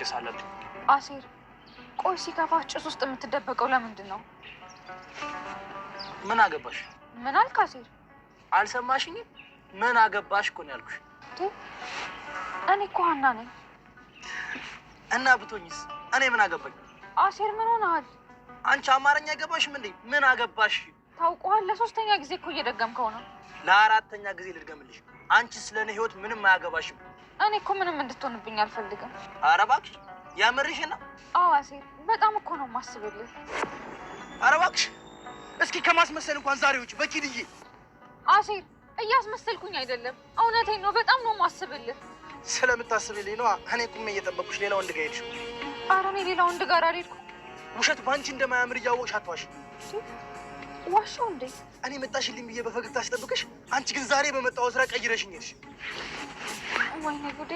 ጭሳለን። አሴር ቆይ ሲከፋ ጭስ ውስጥ የምትደበቀው ለምንድን ነው? ምን አገባሽ? ምን አልክ አሴር? አልሰማሽኝም? ምን አገባሽ እኮ ነው ያልኩሽ። እኔ እኮ ሀና ነኝ። እና ብቶኝስ እኔ ምን አገባኝ? አሴር ምን ሆነሃል? አንቺ አማርኛ አይገባሽም እንዴ? ምን አገባሽ? ታውቀዋል። ለሶስተኛ ጊዜ እኮ እየደገምከው ነው። ለአራተኛ ጊዜ ልድገምልሽ። አንቺ ስለ እኔ ህይወት ምንም አያገባሽም። እኔ እኮ ምንም እንድትሆንብኝ አልፈልግም። ኧረ እባክሽ ያምርሽ ነው። አዎ አሴር፣ በጣም እኮ ነው የማስብልህ። ኧረ እባክሽ እስኪ ከማስመሰል እንኳን ዛሬ ውጭ በኪድዬ። አሴር፣ እያስመሰልኩኝ አይደለም፣ እውነቴን ነው። በጣም ነው የማስብልህ። ስለምታስብልኝ ነው እኔ ቁሜ እየጠበኩሽ። ሌላ ወንድ ጋር ሄድሽ? ኧረ እኔ ሌላ ወንድ ጋር አልሄድኩም። ውሸት በአንቺ እንደማያምር እያወቅሽ አትዋሽ። ዋሻው እንዴ? እኔ መጣሽልኝ ብዬ በፈገግታ ስጠብቅሽ፣ አንቺ ግን ዛሬ በመጣው ስራ ቀይረሽኝ ሄድሽ። ወይኔ ጉዴ!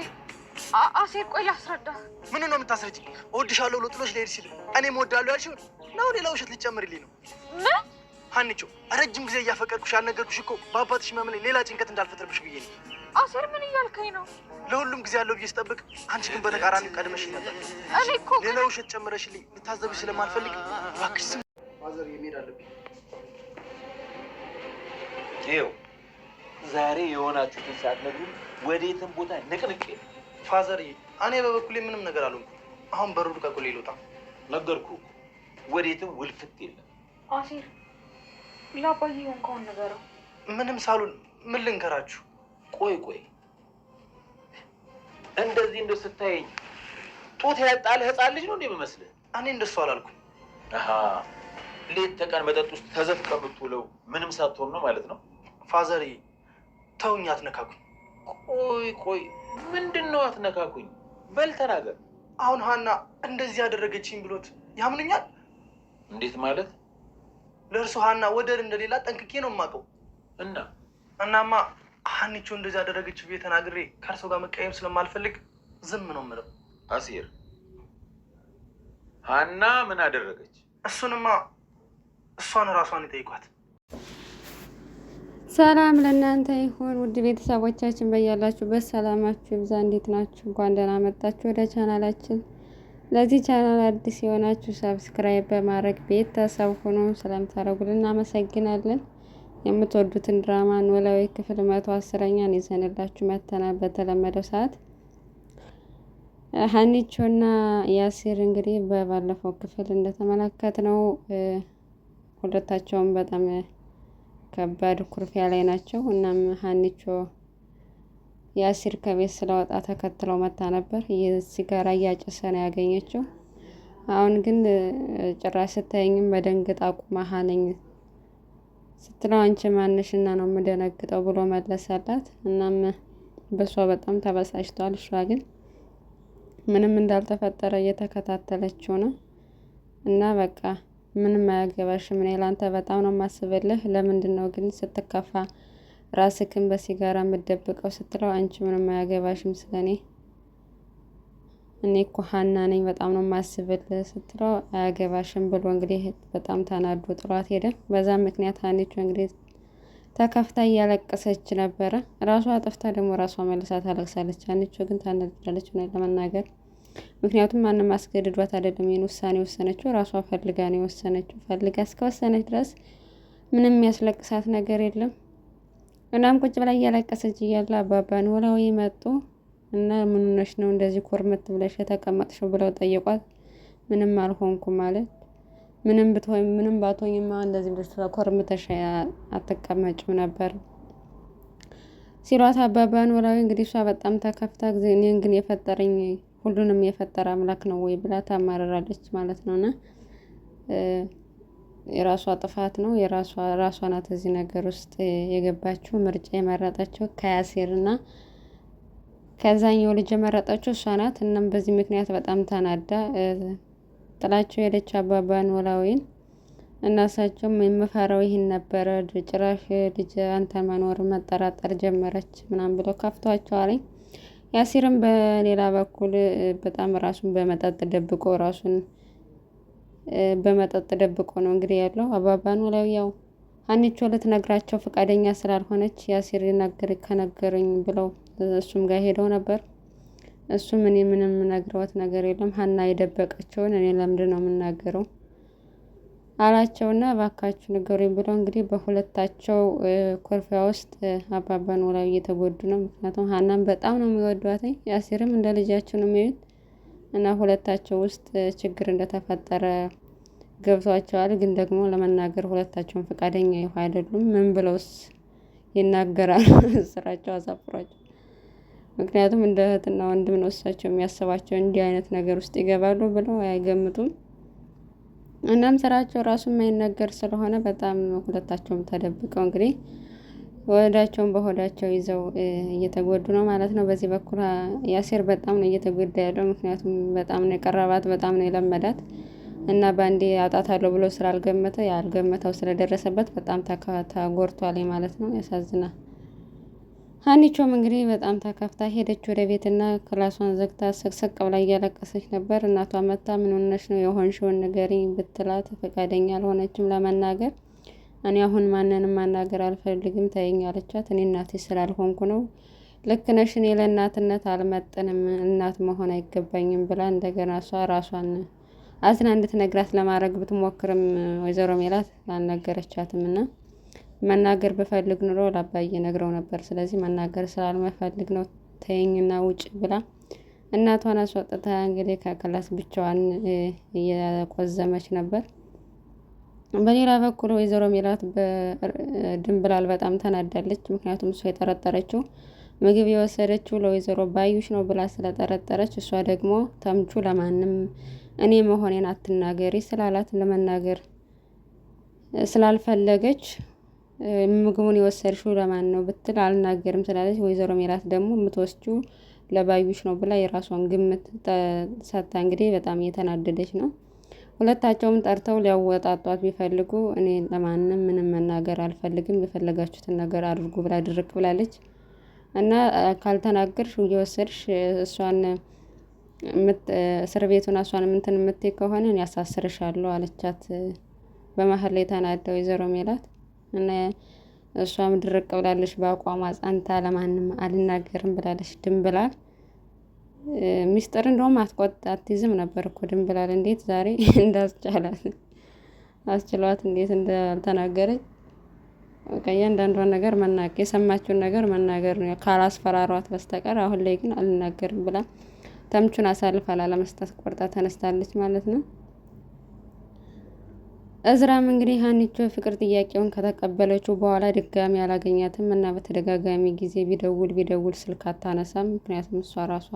አሴር ቆይ ላስረዳ። ምን ነው የምታስረጅ? እወድሻለሁ ብሎ ጥሎሽ ሊሄድ ሲል እኔ እወድሃለሁ ያልሽውን ነው ሌላ ውሸት ልጨምርልኝ ነው? ምን ሀኒቾ፣ ረጅም ጊዜ እያፈቀድኩሽ ያልነገርኩሽ እኮ በአባትሽ መምለኝ ሌላ ጭንቀት እንዳልፈጥርብሽ ብዬ ነው። አሴር ምን እያልከኝ ነው? ለሁሉም ጊዜ ያለው ብዬ ስጠብቅ፣ አንቺ ግን በተቃራኒ ቀድመሽ ነበር። እኔ እኮ ሌላ ውሸት ጨምረሽልኝ ልታዘብሽ ስለማልፈልግ እባክሽ ስም ማዘር የሚሄድ አለብኝ ይኸው ዛሬ የሆናችሁትን ሳትነግሩን ወዴትም ቦታ ንቅንቅ። ፋዘር፣ እኔ በበኩሌ ምንም ነገር አሉ። አሁን በሩ ልቀቁልኝ፣ ልውጣ። ነገርኩ፣ ወዴትም ውልፍት የለም። አሴር፣ ለአባዬ የሆንከውን ንገረው። ምንም ሳሉን ምን ልንገራችሁ? ቆይ ቆይ፣ እንደዚህ እንደ ስታየኝ ጡት ያጣል ህፃን ልጅ ነው እንደ መመስል? እኔ እንደሱ አላልኩም። ሌት ተቀን መጠጥ ውስጥ ተዘፍቀ የምትውለው ምንም ሳትሆን ነው ማለት ነው ፋዘርዬ ተውኝ፣ አትነካኩኝ። ቆይ ቆይ፣ ምንድን ነው አትነካኩኝ? በል ተናገር። አሁን ሀና እንደዚህ ያደረገችኝ ብሎት ያምኑኛል? እንዴት ማለት? ለእርሱ ሀና ወደር እንደሌላ ጠንቅቄ ነው የማውቀው። እና እናማ ሀኒቾ እንደዚህ ያደረገች ብዬ ተናግሬ ከእርሰው ጋር መቀየም ስለማልፈልግ ዝም ነው የምለው። አሲር ሀና ምን አደረገች? እሱንማ እሷን እራሷን ይጠይቋት። ሰላም ለእናንተ ይሁን ውድ ቤተሰቦቻችን፣ በያላችሁበት ሰላማችሁ ይብዛ። እንዴት ናችሁ? እንኳን ደህና መጣችሁ ወደ ቻናላችን። ለዚህ ቻናል አዲስ የሆናችሁ ሰብስክራይብ በማድረግ ቤተሰብ ሆኖ ስለምታደርጉልን እናመሰግናለን። የምትወዱትን ድራማ ኖላዊ ክፍል መቶ አስረኛን ይዘንላችሁ መተናል። በተለመደው ሰዓት ሀኒቾና ያሲር እንግዲህ በባለፈው ክፍል እንደተመለከት ነው ሁለታቸውም በጣም ከባድ ኩርፊያ ላይ ናቸው። እናም ሀኒቾ የአሲር ከቤት ስለወጣ ተከትለው መታ ነበር። ሲጋራ እያጨሰ ነው ያገኘችው። አሁን ግን ጭራሽ ስታየኝም በደንግጥ አቁማ ሀነኝ ስትለው አንቺ ማንሽና ነው የምደነግጠው ብሎ መለሰላት። እናም በሷ በጣም ተበሳጭቷል። እሷ ግን ምንም እንዳልተፈጠረ እየተከታተለችው ነው እና በቃ ምንም አያገባሽም። እኔ ላንተ በጣም ነው የማስብልህ። ለምንድን ነው ግን ስትከፋ ራስክን በሲጋራ የምትደብቀው ስትለው፣ አንቺ ምንም አያገባሽም ስለኔ እኔ እኮ ሀና ነኝ በጣም ነው የማስብልህ ስትለው፣ አያገባሽም ብሎ እንግዲህ በጣም ተናዶ ጥሏት ሄደ። በዛ ምክንያት ሀኒቹ እንግዲህ ተከፍታ እያለቀሰች ነበረ። ራሷ አጥፍታ ደግሞ ራሷ መልሳ ታለቅሳለች። ሀኒቹ ግን ታናድዳለች ለመናገር ምክንያቱም ማንም አስገድዷት አይደለም ይህን ውሳኔ የወሰነችው ራሷ ፈልጋ ነው የወሰነችው። ፈልጋ እስከወሰነች ድረስ ምንም የሚያስለቅሳት ነገር የለም። እናም ቁጭ ብላ እያለቀሰች እያለ አባባን ኖላዊ መጡ እና ምን ሆነሽ ነው እንደዚህ ኮርመት ብለሽ የተቀመጥሽው ብለው ጠየቋት። ምንም አልሆንኩም ማለት ምንም ብትሆኝ ምንም ባትሆኝማ እንደዚህ ብለሽ ኮርምተሽ አትቀመጭም ነበር ሲሏት አባባን ኖላዊ እንግዲህ እሷ በጣም ተከፍታ እኔን ግን የፈጠረኝ ሁሉንም የፈጠረ አምላክ ነው ወይ ብላ ታማረራለች ማለት ነውና የራሷ ጥፋት ነው። የራሷ ራሷ ናት እዚህ ነገር ውስጥ የገባችው ምርጫ የመረጠችው ከያሴርና ከዛኛው ልጅ የመረጠችው እሷ ናት። እናም በዚህ ምክንያት በጣም ተናዳ ጥላቸው የሄደች አባባን ኖላዊን እናሳቸውም እሳቸውም የምፈራው ይህን ነበረ ጭራሽ ልጅ አንተ መኖር መጠራጠር ጀመረች ምናምን ብለው ከፍቷቸዋለኝ። ያሲርም በሌላ በኩል በጣም ራሱን በመጠጥ ደብቆ ራሱን በመጠጥ ደብቆ ነው እንግዲህ ያለው። አባባ ኖላዊ ያው ሀኒቾ ልትነግራቸው ፈቃደኛ ስላልሆነች ያሲር ይናገር ከነገረኝ ብለው እሱም ጋር ሄደው ነበር። እሱም እኔ ምንም ነግረወት ነገር የለም ሀና የደበቀችውን እኔ ለምንድን ነው የምናገረው አላቸውና እባካችሁ ንገሩኝ ብሎ እንግዲህ በሁለታቸው ኮርፊያ ውስጥ አባባ ኖላዊ እየተጎዱ ነው። ምክንያቱም ሀናም በጣም ነው የሚወዷት፣ ያሲርም እንደ ልጃቸው ነው የሚሉት እና ሁለታቸው ውስጥ ችግር እንደተፈጠረ ገብቷቸዋል። ግን ደግሞ ለመናገር ሁለታቸውን ፈቃደኛ ይሁ አይደሉም። ምን ብለውስ ይናገራል? ስራቸው አሳፍሯቸው። ምክንያቱም እንደ እህትና ወንድም ነው እሳቸው የሚያስባቸው እንዲህ አይነት ነገር ውስጥ ይገባሉ ብለው አይገምቱም። እናም ስራቸው ራሱ የማይነገር ስለሆነ በጣም ሁለታቸውም ተደብቀው እንግዲህ ወዳቸውን በሆዳቸው ይዘው እየተጎዱ ነው ማለት ነው። በዚህ በኩል ያሴር በጣም ነው እየተጎዳ ያለው። ምክንያቱም በጣም ነው የቀረባት፣ በጣም ነው የለመዳት እና በአንዴ አጣታለሁ ብሎ ስላልገመተ ያልገመተው ስለደረሰበት በጣም ተጎድቷል ማለት ነው። ያሳዝናል። ሀኒቾም እንግዲህ በጣም ተከፍታ ሄደች ወደ ቤትና ክላሷን ዘግታ ስቅስቅ ብላ እያለቀሰች ነበር። እናቷ መታ ምን ሆነሽ ነው የሆንሽውን ንገሪኝ ብትላት ፈቃደኛ አልሆነችም ለመናገር። እኔ አሁን ማንንም ማናገር አልፈልግም ተይኝ አለቻት። እኔ እናትሽ ስላልሆንኩ ነው። ልክ ነሽ፣ እኔ ለእናትነት አልመጥንም፣ እናት መሆን አይገባኝም ብላ እንደገና እሷ ራሷን አዝና እንድትነግራት ለማድረግ ብትሞክርም ወይዘሮ ሜላት አልነገረቻትም እና መናገር ብፈልግ ኑሮ ለአባዬ ነግረው ነበር። ስለዚህ መናገር ስላልመፈልግ ነው ተይኝና ውጭ ብላ እናቷን አስወጥታ እንግዲህ ከክላስ ብቻዋን እየቆዘመች ነበር። በሌላ በኩል ወይዘሮ ሜላት በድንብላል በጣም ተናዳለች። ምክንያቱም እሷ የጠረጠረችው ምግብ የወሰደችው ለወይዘሮ ባዩሽ ነው ብላ ስለጠረጠረች፣ እሷ ደግሞ ተምቹ ለማንም እኔ መሆኔን አትናገሪ ስላላት ለመናገር ስላልፈለገች ምግቡን የወሰድሽው ለማን ነው ብትል አልናገርም ስላለች ወይዘሮ ሜላት ደግሞ የምትወስጂው ለባዩሽ ነው ብላ የራሷን ግምት ሰታ እንግዲህ በጣም እየተናደደች ነው። ሁለታቸውም ጠርተው ሊያወጣጧት ቢፈልጉ እኔ ለማንም ምንም መናገር አልፈልግም፣ የፈለጋችሁትን ነገር አድርጉ ብላ ድርቅ ብላለች እና ካልተናገርሽ እየወሰድሽ እሷን እስር ቤቱን እሷን ምንትን የምትይ ከሆነ ያሳስርሻለሁ አለቻት። በመሀል ላይ ተናደ ወይዘሮ ሜላት እሷም ድርቅ ብላለች። በአቋሟ ጸንታ ለማንም አልናገርም ብላለች። ድንብላል ሚስጥር እንደውም አትቆጥ አትይዝም ነበር እኮ ድንብላል። እንዴት ዛሬ እንዳስቻላት አስችሏት እንዴት እንዳልተናገረች እያንዳንዷን ነገር መናገር የሰማችውን ነገር መናገር ነው ካላስፈራሯት በስተቀር። አሁን ላይ ግን አልናገርም ብላ ተምቹን አሳልፋ ላለመስጠት ቆርጣ ተነስታለች ማለት ነው። እዝራም እንግዲህ ሀኒቾ ፍቅር ጥያቄውን ከተቀበለችው በኋላ ድጋሚ አላገኛትም እና በተደጋጋሚ ጊዜ ቢደውል ቢደውል ስልክ አታነሳም። ምክንያቱም እሷ ራሷ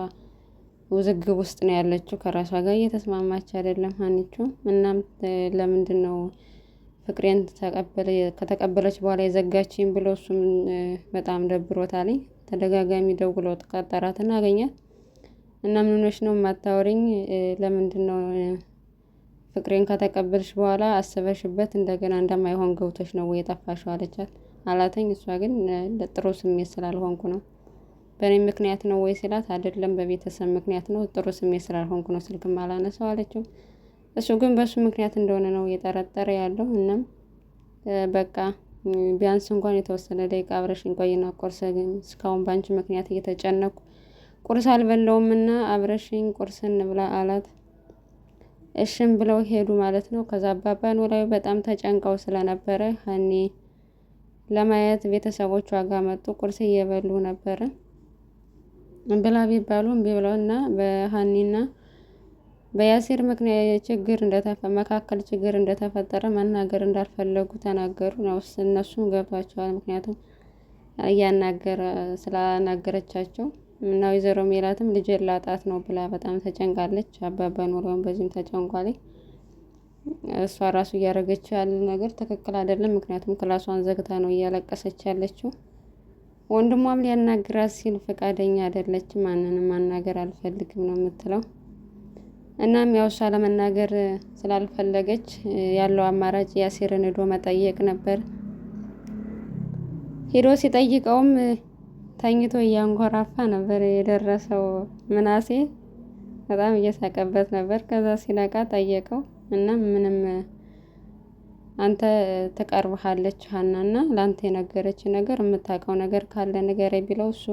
ውዝግብ ውስጥ ነው ያለችው፣ ከራሷ ጋር እየተስማማች አይደለም ሀኒቾ። እናም ለምንድን ነው ፍቅሬን ከተቀበለች በኋላ የዘጋችኝ ብሎ እሱም በጣም ደብሮታል። ተደጋጋሚ ደውሎ ቀጠራት አገኛት እና ምን ሆነሽ ነው የማታወሪኝ? ለምንድን ነው ፍቅሬን ከተቀበልሽ በኋላ አስበሽበት እንደገና እንደማይሆን ገውቶች ነው ወይ የጠፋሽው አለቻት አላተኝ። እሷ ግን ለጥሩ ስሜት ስላልሆንኩ ነው በእኔ ምክንያት ነው ወይ ስላት አይደለም፣ በቤተሰብ ምክንያት ነው፣ ጥሩ ስሜት ስላልሆንኩ ነው ስልክም አላነሳው አለችው። እሱ ግን በእሱ ምክንያት እንደሆነ ነው እየጠረጠረ ያለው። እናም በቃ ቢያንስ እንኳን የተወሰነ ደቂቃ አብረሽኝ ቆይና ቁርስ ግን እስካሁን በአንቺ ምክንያት እየተጨነኩ ቁርስ አልበለውም እና አብረሽኝ ቁርስን ብላ አላት። እሽም ብለው ሄዱ ማለት ነው። ከዛ አባባ ኖላዊ በጣም ተጨንቀው ስለነበረ ሀኒ ለማየት ቤተሰቦቹ ዋጋ መጡ። ቁርስ እየበሉ ነበረ ብላ ቢባሉ እምቢ ብለው እና በሀኒና በያሲር ምክንያት ችግር መካከል ችግር እንደተፈጠረ መናገር እንዳልፈለጉ ተናገሩ። ነው። እነሱም ገብቷቸዋል። ምክንያቱም እያናገረ ስላናገረቻቸው እና ወይዘሮ ሜላትም ልጅ ላጣት ነው ብላ በጣም ተጨንቃለች። አባባ ኑሮን በዚህም ተጨንቋል። እሷ ራሱ እያደረገች ያለ ነገር ትክክል አይደለም። ምክንያቱም ክላሷን ዘግታ ነው እያለቀሰች ያለችው። ወንድሟም ሊያናግራት ሲል ፈቃደኛ አይደለች። ማንንም ማናገር አልፈልግም ነው የምትለው። እናም ያው እሷ ለመናገር ስላልፈለገች ያለው አማራጭ ያሲርን ሄዶ መጠየቅ ነበር። ሄዶ ሲጠይቀውም ተኝቶ እያንኮራፋ ነበር የደረሰው። ምናሴ በጣም እየሳቀበት ነበር። ከዛ ሲነቃ ጠየቀው እና ምንም አንተ ትቀርብሃለች ሀና እና ለአንተ የነገረች ነገር የምታውቀው ነገር ካለ ንገረኝ ቢለው እሱ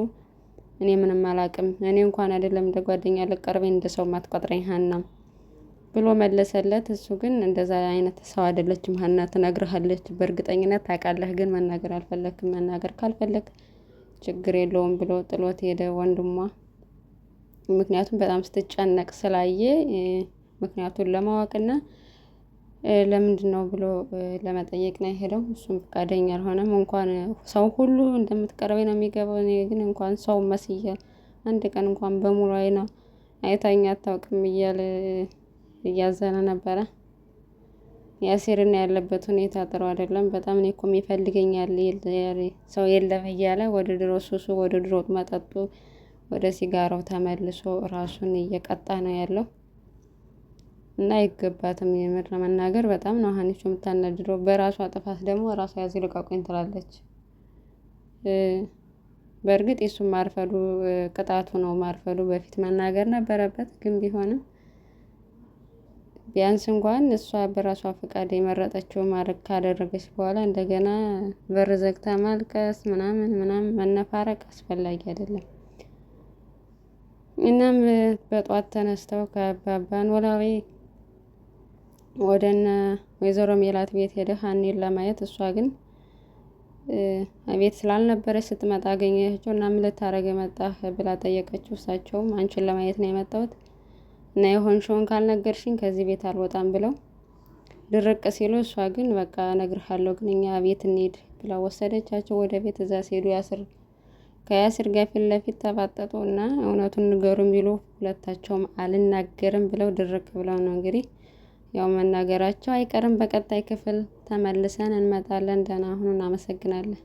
እኔ ምንም አላውቅም፣ እኔ እንኳን አይደለም እንደ ጓደኛ ልቀርበኝ እንደ ሰው ማትቆጥረኝ ሀና ብሎ መለሰለት። እሱ ግን እንደዛ አይነት ሰው አይደለችም ሀና ትነግርሃለች፣ በእርግጠኝነት ታውቃለህ፣ ግን መናገር አልፈለግም። መናገር ካልፈለግ ችግር የለውም ብሎ ጥሎት ሄደ ወንድሟ። ምክንያቱም በጣም ስትጨነቅ ስላየ ምክንያቱን ለማወቅና ለምንድን ነው ብሎ ለመጠየቅ ነው የሄደው። እሱም ፈቃደኛ አልሆነም። እንኳን ሰው ሁሉ እንደምትቀርበኝ ነው የሚገባው፣ እኔ ግን እንኳን ሰው መስያ አንድ ቀን እንኳን በሙሉ አይና አይታኝ አታውቅም እያለ እያዘነ ነበረ። የአሴርና ያለበት ሁኔታ ጥሩ አይደለም። በጣም እኔ እኮም ይፈልገኛል ሰው የለም እያለ ወደ ድሮ ሱሱ፣ ወደ ድሮ መጠጡ፣ ወደ ሲጋራው ተመልሶ ራሱን እየቀጣ ነው ያለው እና አይገባትም። የምር ለመናገር በጣም ነው ሀኒቾ የምታናድደው። በራሷ ጥፋት ደግሞ ራሷ ያዝ ልቀቁኝ ትላለች። በእርግጥ የሱ ማርፈዱ ቅጣቱ ነው ማርፈዱ፣ በፊት መናገር ነበረበት ግን ቢሆንም ቢያንስ እንኳን እሷ በራሷ ፈቃድ የመረጠችው ማድረግ ካደረገች በኋላ እንደገና በር ዘግታ ማልቀስ ምናምን ምናምን መነፋረቅ አስፈላጊ አይደለም። እናም በጧት ተነስተው ከአባባ ኖላዊ ወደነ ወይዘሮ ሜላት ቤት ሄደህ ሀኒን ለማየት እሷ ግን ቤት ስላልነበረች ስትመጣ አገኘችው እናም ልታረግ መጣህ ብላ ጠየቀችው። እሳቸውም አንቺን ለማየት ነው የመጣሁት እና የሆንሽውን ካልነገርሽኝ ከዚህ ቤት አልወጣም ብለው ድርቅ ሲሉ እሷ ግን በቃ እነግርሃለሁ ግን እኛ ቤት እንሄድ ብላ ወሰደቻቸው ወደ ቤት። እዛ ሲሄዱ ያስር ከያስር ጋር ፊት ለፊት ተፋጠጡ እና እውነቱን ንገሩም ቢሉ ሁለታቸውም አልናገርም ብለው ድርቅ ብለው ነው እንግዲህ ያው መናገራቸው አይቀርም። በቀጣይ ክፍል ተመልሰን እንመጣለን። ደህና ሁኑ። እናመሰግናለን።